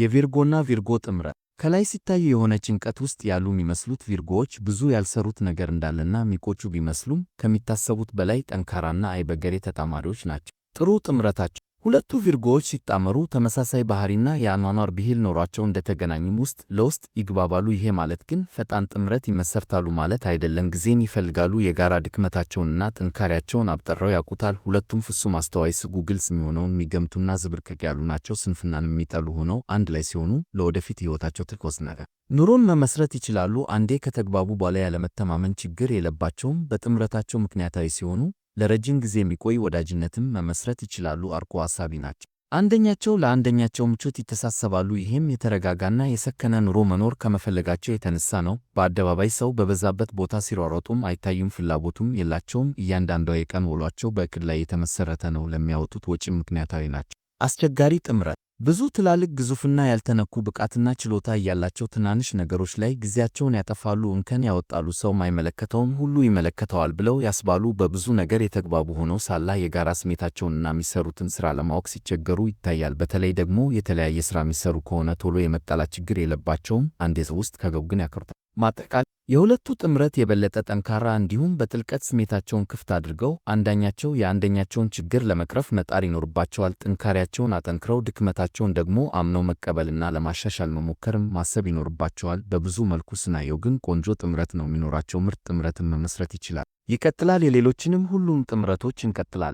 የቪርጎና ቪርጎ ጥምረት ከላይ ሲታይ የሆነ ጭንቀት ውስጥ ያሉ የሚመስሉት ቪርጎዎች ብዙ ያልሰሩት ነገር እንዳለና የሚቆጩ ቢመስሉም ከሚታሰቡት በላይ ጠንካራና አይበገሬ ተጣማሪዎች ናቸው። ጥሩ ጥምረታቸው ሁለቱ ቪርጎዎች ሲጣመሩ ተመሳሳይ ባህሪና የአኗኗር ብሂል ኖሯቸው እንደተገናኙም ውስጥ ለውስጥ ይግባባሉ። ይሄ ማለት ግን ፈጣን ጥምረት ይመሰርታሉ ማለት አይደለም። ጊዜን ይፈልጋሉ። የጋራ ድክመታቸውንና ጥንካሬያቸውን አብጠረው ያውቁታል። ሁለቱም ፍጹም አስተዋይ፣ ስጉ፣ ግልጽ የሚሆነውን የሚገምቱና ዝብርቅቅ ያሉ ናቸው። ስንፍናን የሚጠሉ ሆነው አንድ ላይ ሲሆኑ ለወደፊት ሕይወታቸው ትኩስ ነገር ኑሮን መመስረት ይችላሉ። አንዴ ከተግባቡ በኋላ ያለመተማመን ችግር የለባቸውም። በጥምረታቸው ምክንያታዊ ሲሆኑ ለረጅም ጊዜ የሚቆይ ወዳጅነትም መመስረት ይችላሉ። አርቆ አሳቢ ናቸው። አንደኛቸው ለአንደኛቸው ምቾት ይተሳሰባሉ። ይህም የተረጋጋና የሰከነ ኑሮ መኖር ከመፈለጋቸው የተነሳ ነው። በአደባባይ ሰው በበዛበት ቦታ ሲሯሯጡም አይታዩም፣ ፍላጎቱም የላቸውም። እያንዳንዷ የቀን ውሏቸው በእቅድ ላይ የተመሰረተ ነው። ለሚያወጡት ወጪም ምክንያታዊ ናቸው። አስቸጋሪ ጥምረት ብዙ ትላልቅ ግዙፍና ያልተነኩ ብቃትና ችሎታ እያላቸው ትናንሽ ነገሮች ላይ ጊዜያቸውን ያጠፋሉ፣ እንከን ያወጣሉ፣ ሰው ማይመለከተውም ሁሉ ይመለከተዋል ብለው ያስባሉ። በብዙ ነገር የተግባቡ ሆነው ሳላ የጋራ ስሜታቸውንና የሚሰሩትን ሥራ ለማወቅ ሲቸገሩ ይታያል። በተለይ ደግሞ የተለያየ ሥራ የሚሰሩ ከሆነ ቶሎ የመጣላት ችግር የለባቸውም፣ አንዴ ውስጥ ከገቡ ግን ያከርታል። ማጠቃለያ የሁለቱ ጥምረት የበለጠ ጠንካራ እንዲሁም በጥልቀት ስሜታቸውን ክፍት አድርገው አንዳኛቸው የአንደኛቸውን ችግር ለመቅረፍ መጣር ይኖርባቸዋል። ጥንካሬያቸውን አጠንክረው ድክመታቸውን ደግሞ አምነው መቀበልና ለማሻሻል መሞከርም ማሰብ ይኖርባቸዋል። በብዙ መልኩ ስናየው ግን ቆንጆ ጥምረት ነው የሚኖራቸው። ምርጥ ጥምረትን መመስረት ይችላል። ይቀጥላል። የሌሎችንም ሁሉም ጥምረቶች እንቀጥላለን።